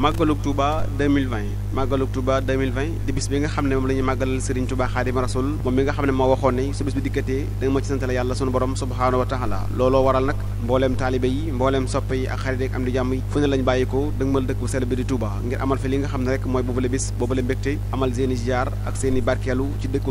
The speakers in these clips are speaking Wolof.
màggalug Touba 2020 màggalug di bis bi nga xam ne moom la ñuy màggalal Serigne Touba Xaadim Rasul moom mi nga xam ne moo waxoon ne su bis bi dikkatee da nga ma ci santale yàlla sunu borom subhaanahu wa taala looloo waral nag mbooleem taalibe yi mbooleem soppe yi ak xarit ak am di jàmm fu ne lañ bàyyi ko dëgmal dëkk bu sell bi di Touba ngir amal fi li nga xam ne rek mooy boobule bis boobule mbégte amal seeni ziar ak seeni barkeelu ci dëkk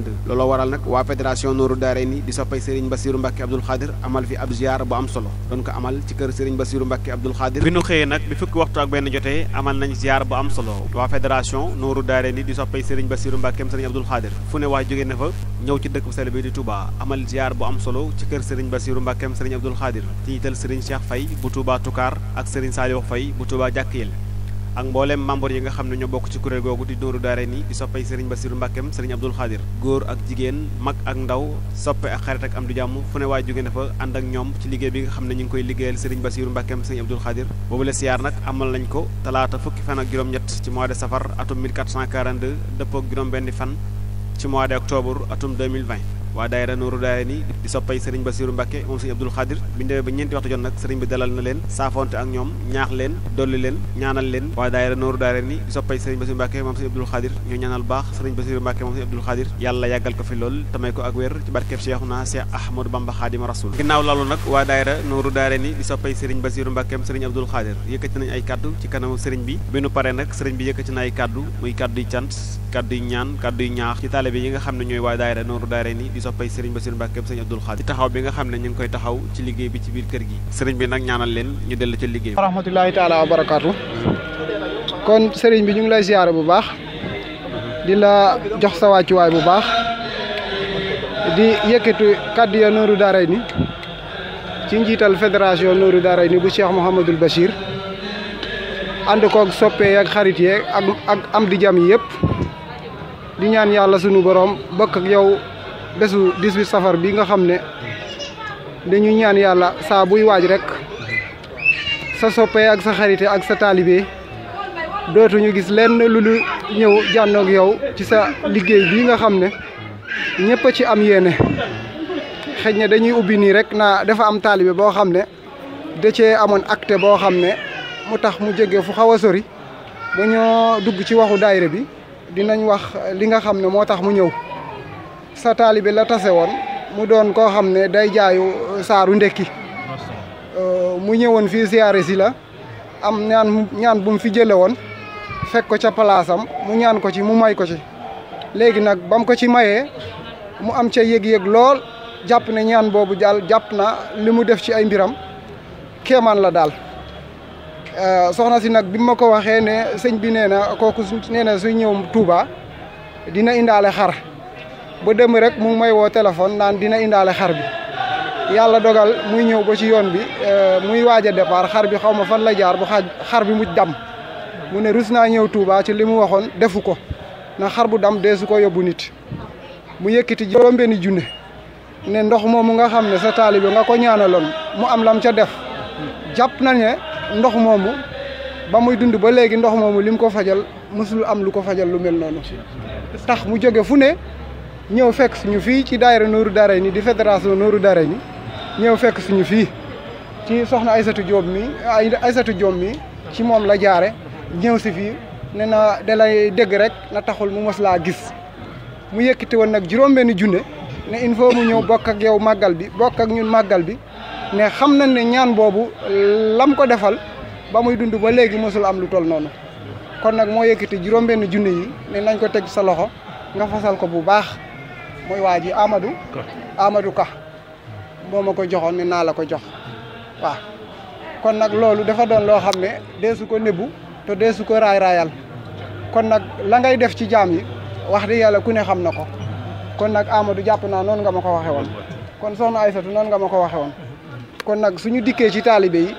ànd looloo waral nag waa fédération Nourou Daarayni di soppay Serigne Bassirou Mbacke Abdoul Khadir amal fi ab ziar bu am solo doon ko amal ci kër Serigne Bassirou Mbacke Abdoul Khadir bi nu xëyee nag bi fukki waxtu ak benn jotee amal nañ bu am solo waa fédération Nourou Daarayni di soppay Serigne Bassirou Mbacke Serigne Abdoul Khadir fu ne waa jógee na fa ñëw ci dëkk bu sell bi di Touba amal ziar bu am solo ci kër Serigne Bassirou Mbacke Serigne Abdoul Khadir ci ñiital Serigne Cheikh fay bu Touba Toucar ak Serigne Saliou fay bu Touba Jàkkeel ak mbooleem membre yi nga xam ne ñoo bokk ci kuréel googu di Nuuru Daarayni di soppay sëriñ Basiru Mbàkkeem sëriñ Abdul Xaadir góor ak jigéen mag ak ndaw soppe ak xarit ak am du jàmm fu ne waay jóge na fa ànd ak ñoom ci liggéey bi nga xam ne ñu ngi koy liggéeyal sëriñ Basiru Mbàkkeem sëriñ Abdul Xaadir boobu la siyaar nag amal nañ ko talaata fukki fan ak juróom-ñett ci mois de safar atum 1442 dëppoo ak juróom benn fan ci mois de octobre atum 2020 waa daayira Nuuru Daarayni di soppay sëriñ Basiiru Mbàkke moom sëriñ Abdul Xaadir bi ñu demee ba ñeenti waxtu jot nag sëriñ bi dalal na leen saafonte ak ñoom ñaax leen dolli leen ñaanal leen waa daayira Nuuru Daarayni di soppay sëriñ Basiiru Mbàkke moom sëriñ Abdul Xaadir baax sëriñ Basiiru Mbàkke moom sëriñ yàlla yàggal ko fi lool tamay ko ak wér ci barkeb Seexuna Seex Ahmadu Bamba Xaadimu Rasuul ginnaaw loolu nag waa daayira Nuuru Daarayni di soppay sëriñ Basiiru Mbàkke moom sëriñ Abdul Xaadir yëkkati nañ ay kàddu ci kanamu sëriñ bi bi nu paree nag bi yëkkati na ay kàddu muy kàddu yi cant kadduy ñaan kadduy ñaax ci taalibe yi nga xam ne ñooy waa daayira nooru daayira ni di soppay sëriñ Bassirou sëriñ bi nga xam ne ñu ngi koy taxaw ci liggéey bi ci biir kër gi sëriñ bi nag ñaanal leen ñu dellu ca liggéey bi rahmatullahi taala wa barakaatu kon sëriñ bi ñu ngi lay ziyaare bu baax di la jox sa wàccuwaay bu baax di yëkkati kaddu ya nooru daara ni ci njiital fédération nooru daara ni bu Cheikh Mouhamadoul Bachir ànd koog soppee ak xarit y ak di jam yëpp di ñaan yàlla sunu borom bokk ak yow bésu 18 safar bi nga xam ne dañuy ñaan yàlla saa buy waaj rek sa soppe ak sa xarite ak sa taalibe dootuñu gis lenn lu lu ñëw jànnoog yow ci sa liggéey bi nga xam ne ñëpp a ci am yéene xëy na dañuy ubbi nii rek na dafa am taalibe boo xam ne da cee amoon acte boo xam ne mu tax mu jege fu xaw a sori ba dugg ci waxu daayira bi dinañ wax li nga xam ne moo tax mu ñëw sa taalibe la tase woon mu doon koo xam ne day jaayu euh, saaru ndekki euh, mu ñëwoon fii siyaare si la am ñaan ñaan bu fi jële woon fekk ko ca palaasam mu ñaan ko ci mu may ko ci léegi nag bam ko ci mayee mu am ca yëg-yëg lool jàpp ne ñaan boobu daal jàpp na li mu def ci ay mbiram kéemaan la daal Euh, soxna si nag bi ma ko waxee ne sëñ bi nee na kooku nee na suy ñëw Touba dina indaale xar ba dem rek mu may woo téléphone naan dina indaale xar bi yàlla dogal muy ñëw ba ci yoon bi euh, muy waaj a départ xar bi xaw ma fan la jaar bu xaaj xar bi mu dam mu ne rus naa ñëw Touba ci li mu waxoon defu ko na xar bu dam deesu ko yóbbu nit mu yëkkati juróom-benni junne ne ndox moomu nga xam ne sa taalibe nga ko ñaanaloon mu am lam ca def jàpp na ne ndox moomu ba muy dund ba léegi ndox moomu lim ko fajal mësul am lu ko fajal lu mel noonu tax mu jóge fu ne ñëw fekk suñu fii ci daayira Nooru Daarayni di fédération Nooru Daarayni ñëw fekk suñu fii ci soxna Aysatu Jóob mi Aysatu Jóob mi ci moom la jaare ñëw si fii ne na da dëgg rek na taxul mu mos laa gis mu yëkkati woon nag juróom benni junne ne il faut mu ñëw bokk ak yow màggal bi bokk ak ñun màggal bi ne xam nañ ne ñaan boobu lam ko defal ba muy dund ba léegi mosul am lu toll noonu kon nag moo yëkkati juróom-benn junni yi ne nañ ko teg sa loxo nga fasal ko bu baax mooy waa ji amadu amadu Ka moo ma ko joxoon ne naa la ko jox waaw. kon nag loolu dafa doon loo xam ne deesu ko nebu te deesu ko raay raayal kon nag la ngay def ci jaam yi wax dëgg yàlla ku ne xam na ko kon nag Amadou jàpp naa noonu nga ma ko waxe woon kon soxna Aysatu noon nga ma ko waxe woon. kon nag suñu dikkee ci taalibe yi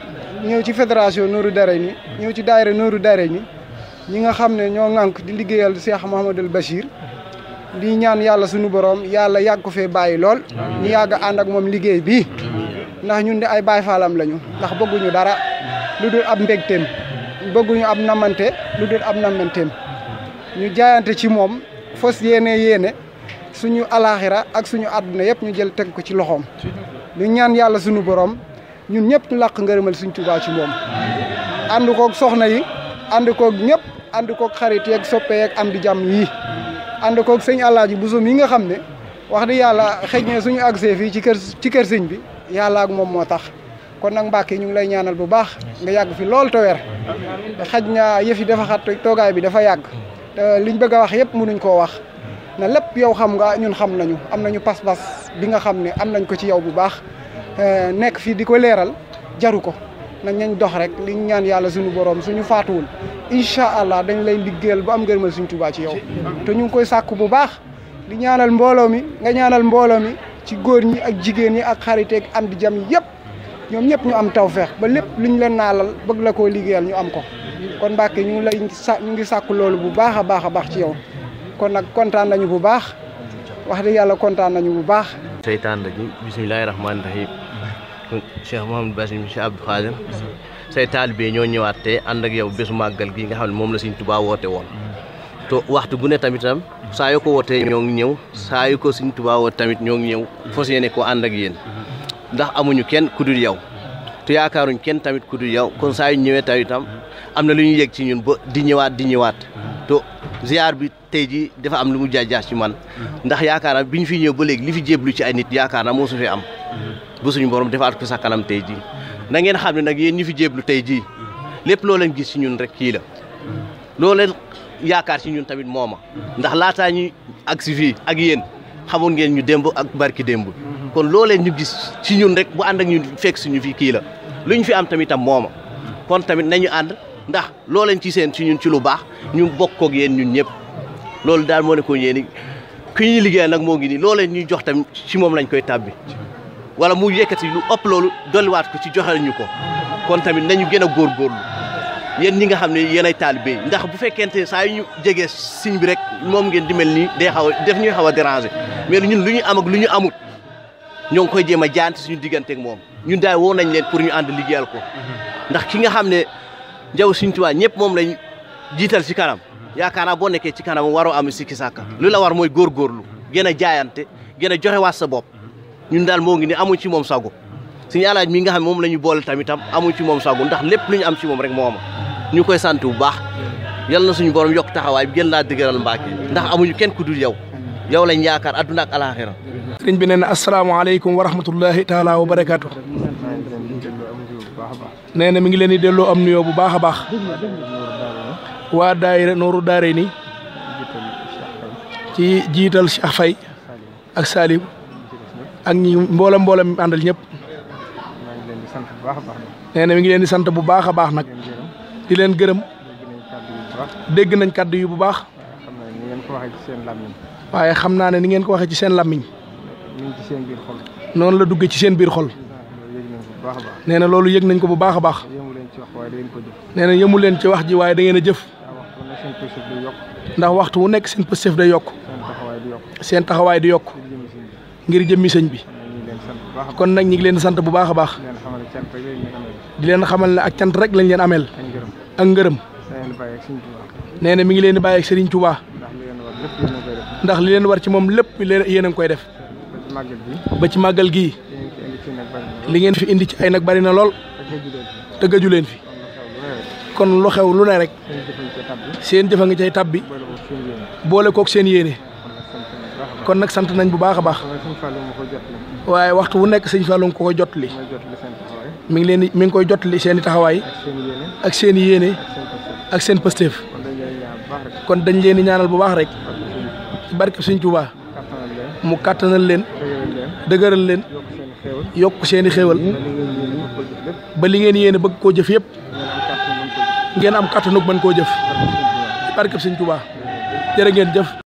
ñëw ci fédération Nooru Darayni ñëw ci daayira Nooru Darayni ñi nga xam ne ñoo ŋànk di liggéeyal Cheikh Mouhamadul Bachir di ñaan yàlla suñu borom yàlla yàgg ko fee bàyyi lool ñu yàgg ànd ak moom liggéey bi ndax ñun de ay baay faalam lañu ndax bëgguñu dara lu dul ab mbégteem bëgguñu ab namante lu dul ab namanteem ñu jaayante ci moom fos yéene yéene suñu alaaxira ak suñu àdduna yëpp ñu jël teg ko ci loxoom ñu ñaan yàlla suñu borom ñun ñëpp ñu làq ngërëmal suñ Tuubaa ci moom ànd kook soxna yi ànd kook ñëpp ànd koog xarit yeeg soppe yeeg am di jàmm yii ànd koog sëñ Alaaji Buso yi nga xam ne wax di yàlla xëj na suñu agsee fii ci kër ci kër sëñ bi yàlla ak moom moo tax kon nag Mbàkke ñu ngi lay ñaanal bu baax nga yàgg fi lool te weer xaj na yëf yi dafa xat toogaay bi dafa yàgg te liñ bëgg a wax yëpp mënuñ koo wax na lépp yow xam nga ñun xam nañu am nañu pas-pas bi nga xam ne am nañ ko ci yow bu baax euh, nekk fii di ko leeral jaru ko na nañ dox rek liñ ñaan yàlla suñu borom suñu faatuwul incha allah dañ lay liggéeyal bu am ngërëmal suñu Tuubaa ci yow te ñu ngi koy sàkku bu baax di ñaanal mbooloo mi nga ñaanal mbooloo mi ci góor ñi ak jigéen ñi ak xarit ak am di jam yëpp ñoom ñëpp ñu am taw feex ba lépp lu ñu leen naalal bëgg koo liggéeyal ñu am ko kon Mbàkke ñu ngi lay sa ñu ngi loolu bu baax a baax a baax ci yow kon nag kontaan nañu bu baax wax dëgg yàlla kontaan nañu bu baax. saytaan rajim bisimilahi rahmaani rahim Cheikh Mouhamadou Bassirou Cheikh Abdou Khadir say taalibe ñoo ñëwaat te ànd ak yow bésu màggal gi nga xam ne moom la Sëriñ Tuubaa woote woon to waxtu bu ne tamit tam saa yu ko wootee ñoo ngi ñëw saa yu ko Sëriñ Tuubaa woote tamit ñoo ngi ñëw fas yéene koo ànd ak yéen ndax amuñu kenn ku dul yow te yaakaaruñ kenn tamit ku dul yow kon saa yu ñëwee tamit tam am na lu ñu yëg ci ñun ba di ñëwaat di ñëwaat to ziar bi tey ji dafa am lu mu jaajjaas ci man ndax yaakaar naa bi ñu fi ñëw ba léegi li fi jéblu ci ay nit yaakaar naa moo su fi am bu suñu borom defaat ko sa kanam tey ji na ngeen xam ne nag yéen ñu fi jéblu tey ji lépp loo leen gis ci ñun rek kii la loo yaakaar ci ñun tamit mooma ndax laataa ñu ak ak yéen xamoon ngeen ñu démb ak barki démb kon loo leen ñu gis ci ñun rek bu ànd ak ñu fekk suñu fi kii la lu ñu fi am tamit mooma kon tamit nañu ànd ndax loo leen ci seen ci ñun ci lu baax ñu bokk ak ñu ñun ñëpp loolu daal moo ko yéen ki ñuy liggéeyal nag moo ngi nii loo ñuy jox tamit ci moom lañ koy tàbbi wala mu yëkkati lu ëpp loolu dolliwaat ko ci joxe ñu ko kon tamit nañu gën a góorgóorlu yéen ñi nga xam ne yéen ay taalibe yi ndax bu fekkente ne saa ñu jege siñ bi rek moom ngeen di mel nii day xaw a def ñuy xaw a déranger mais ñun lu ñu am lu ñu amut ñoo ngi koy jéem a jaante suñu digganteeg moom ñun daay woo nañ leen pour ñu ànd liggéeyal ko njaw Sëñ Tuubaa ñëpp moom lañ jiital ci kanam yaakaar naa boo nekkee ci kanam waroo am sikki sakka lu la war mooy góorgóorlu gën a jaayante gën a joxewaat sa bopp ñun daal moo ngi ne amuñ ci moom sago suñu alaaj mi nga xam ne moom la ñu boole tamitam amuñ ci moom sago ndax lépp lu ñu am ci moom rek moo ñu koy sant bu baax yal na suñu borom yokk taxawaay bi gën laa dëgëral Mbàkke ndax amuñu kenn ku dul yow yow lañ yaakaar adduna ak alaaxira sëriñ bi nee na asalaamaaleykum wa rahmatullahi taala wa nee na mi ngi leen di delloo am nuyoo bu baax a baax waa daayira nooru daare nii ci jiital Cheikh Faye ak Saliou ak ñi mboolem mboole mi àndal ñëpp nee na mi ngi leen di sant bu baax a baax nag di leen gërëm dégg nañ kàddu yu bu baax waaye xam naa ne ni ngeen ko waxee ci seen làmmiñ noonu la dugge ci seen biir xol nee na loolu yëg nañ ko bu baax a baax. nee na yëmu leen ci wax ji waaye da ngeen a jëf. ndax waxtu wu nekk seen pëstëf day yokk. seen taxawaay di yokk. ngir jëmmi sëñ bi. kon nag ñi ngi leen sant bu baax a baax. di leen xamal ne ak cant rek lañ leen ameel. ak ngërëm. nee na mi ngi leen di bàyyi ak Serigne Touba. ndax li leen war ci moom lépp yéen a ngi koy def. ba ci màggal gii. li ngeen fi indi ci ay nag bari na lool te gëju leen fi kon lu xew lu ne rek seen jëfa nga cay tab bi boole kook seen yéene kon nag sant nañ bu baax a baax waaye waxtu wu nekk sëñ Fallou ko koy jot li mi ngi leen mi ngi koy jot li seen i taxawaay ak seen i yéene ak seen pësteef kon dañ leen di ñaanal bu baax rek barke sëñ Tuubaa mu kàttanal leen leen yokk seeni i xéewal ba li ngeen yéene bëgg koo jëf yëpp ngeen am kàttanug mën koo jëf barkeb sëñ Tuubaa jërë ngeen jëf